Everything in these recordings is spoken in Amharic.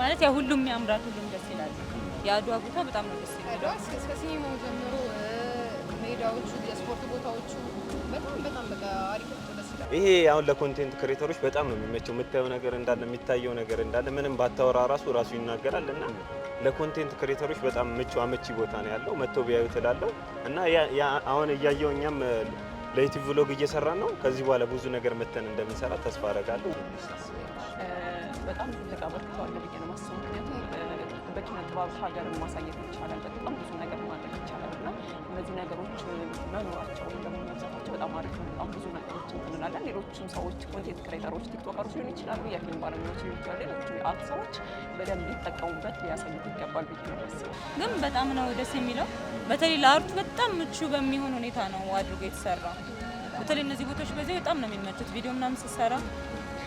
ማለት ያ ሁሉም ያምራል፣ ሁሉም ደስ ይላል። የአድዋ ቦታ በጣም ነው ደስ ይላል። አድዋ እስከ ሲኒማው ጀምሮ ሜዳዎቹ፣ የስፖርት ቦታዎቹ በጣም በጣም በቃ አሪፍ ነው፣ ደስ ይላል። ይሄ አሁን ለኮንቴንት ክሬተሮች በጣም ነው የሚመቸው። የምታየው ነገር እንዳለ የሚታየው ነገር እንዳለ ምንም ባታወራ ራሱ ራሱ ይናገራል እና ለኮንቴንት ክሬተሮች በጣም ምቹ አመቺ ቦታ ነው ያለው። መጥተው ቢያዩ እላለሁ እና አሁን እያየው እኛም በዩቲዩብ ብሎግ እየሰራን ነው። ከዚህ በኋላ ብዙ ነገር መተን እንደምንሰራ ተስፋ አደርጋለሁ። በጣም ትልቅ አበርክቶ ብዬ ነው ማስበው። ምክንያቱም በኪነ ጥበብ ማሳየት ይቻላል፣ በጣም ብዙ ነገር ማድረግ ይቻላል እና እነዚህ ነገሮች መኖራቸው በጣም አሪፍ ነው። በጣም ብዙ ነገሮች እንላለን። ሌሎችም ሰዎች ኮንቴንት ክሬተሮች፣ ቲክቶከሮች ሊሆን ይችላሉ፣ የፊልም ባለሙያዎች ሊሆን ይችላሉ አርት ሰዎች በደንብ ሊጠቀሙበት ሊያሳዩት ይገባል ብዬ ነው የማስበው። ግን በጣም ነው ደስ የሚለው። በተለይ ለአርቱ በጣም ምቹ በሚሆን ሁኔታ ነው አድርጎ የተሰራ። በተለይ እነዚህ ቦታዎች በዚህ በጣም ነው የሚመቹት። ቪዲዮ ምናምን ስትሰራ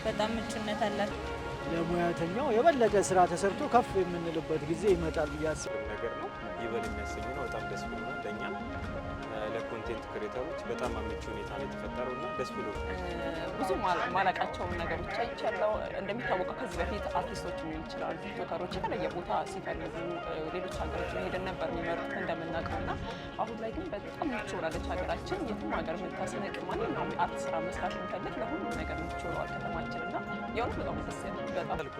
በጣም ምቹነት አላቸው። ለሙያተኛው የበለጠ ስራ ተሰርቶ ከፍ የምንልበት ጊዜ ይመጣል ብዬ አስብ ነገር ነው። ይበል የሚያሰኝ ነው። በጣም ደስ ብሎ ነው ለእኛ ለኮንቴንት ክሬተሮች በጣም አመቺ ሁኔታ ነው የተፈጠረው እና ደስ ብሎ ብዙ ማላቃቸውን ነገሮች አይቻለው። እንደሚታወቀው ከዚህ በፊት አርቲስቶች ሊሆን ይችላል ቲክቶከሮች የተለየ ቦታ ሲፈልጉ ሌሎች ሀገሮች ሄደን ነበር የሚመሩት እንደ የምናውቀው እና አሁን ላይ ግን በጣም ምቹ ሆናለች ሀገራችን። የትም ሀገር የምታስነቅ ማንኛውም የአርት ስራ መስራት እንፈልግ ለሁሉም ነገር ምቹ ሆነዋል ከተማችን እና የሆነ በጣም ደስ ያለ በጣም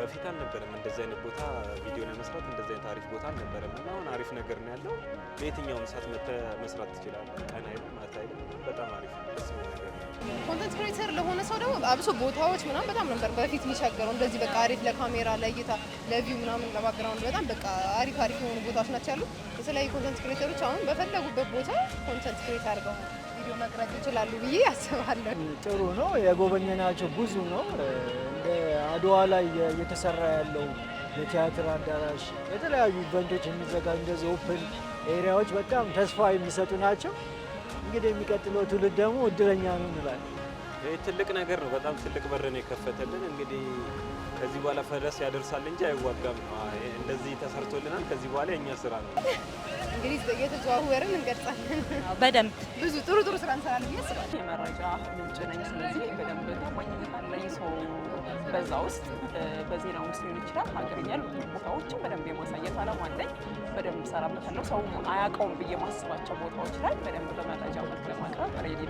በፊት አልነበረም እንደዚህ አይነት ቦታ ቪዲዮ ለመስራት እንደዚህ አይነት አሪፍ ቦታ አልነበረም እና አሁን አሪፍ ነገር ነው ያለው። በየትኛውም ሰዓት መስራት ትችላለህ። ቀን አይልም፣ ማታ አይልም። በጣም አሪፍ ደስ ነገር ኮንተንት ክሬተር ለሆነ ሰው ደግሞ አብሶ ቦታዎች ምናምን በጣም ነበር በፊት የሚቸገረው። እንደዚህ በቃ አሪፍ ለካሜራ ለእይታ ለቪው ምናምን ለባክግራውንድ በጣም በቃ አሪፍ አሪፍ የሆኑ ቦታዎች ናቸው ያሉት። የተለያዩ ኮንተንት ክሬተሮች አሁን በፈለጉበት ቦታ ኮንተንት ክሬት አድርገው ቪዲዮ መቅረጽ ይችላሉ ብዬ ያስባለሁ ጥሩ ነው። የጎበኘናቸው ብዙ ነው። እንደ አድዋ ላይ እየተሰራ ያለው የቲያትር አዳራሽ፣ የተለያዩ ኢቨንቶች የሚዘጋጁ እንደዚህ ኦፕን ኤሪያዎች በጣም ተስፋ የሚሰጡ ናቸው። እንግዲህ የሚቀጥለው ትውልድ ደግሞ እድለኛ ነው እንላለን። ትልቅ ነገር ነው። በጣም ትልቅ በር ነው የከፈተልን እንግዲህ ከዚህ በኋላ ፈረስ ያደርሳል እንጂ አይዋጋም። እንደዚህ ተሰርቶልናል። ከዚህ በኋላ የእኛ ስራ ነው እንግዲህ እየተዘዋወርን እንገልጻለን። በደንብ ብዙ ጥሩ ጥሩ ስራ እንሰራለን ብዬ አስባለሁ። የመረጃ ምንጭ ነኝ። ስለዚህ በደንብ ታማኝነት አለኝ። ሰው በዛ ውስጥ በዜና ውስጥ ሊሆን ይችላል። ሀገርኛ ቦታዎችን በደንብ የማሳየት አላማ አለኝ። በደንብ ሰራበታለሁ። ሰው አያውቀውም ብዬ ማስባቸው ቦታዎች ላይ በደንብ በመረጃ መልክ ለማቅረብ ሬዲ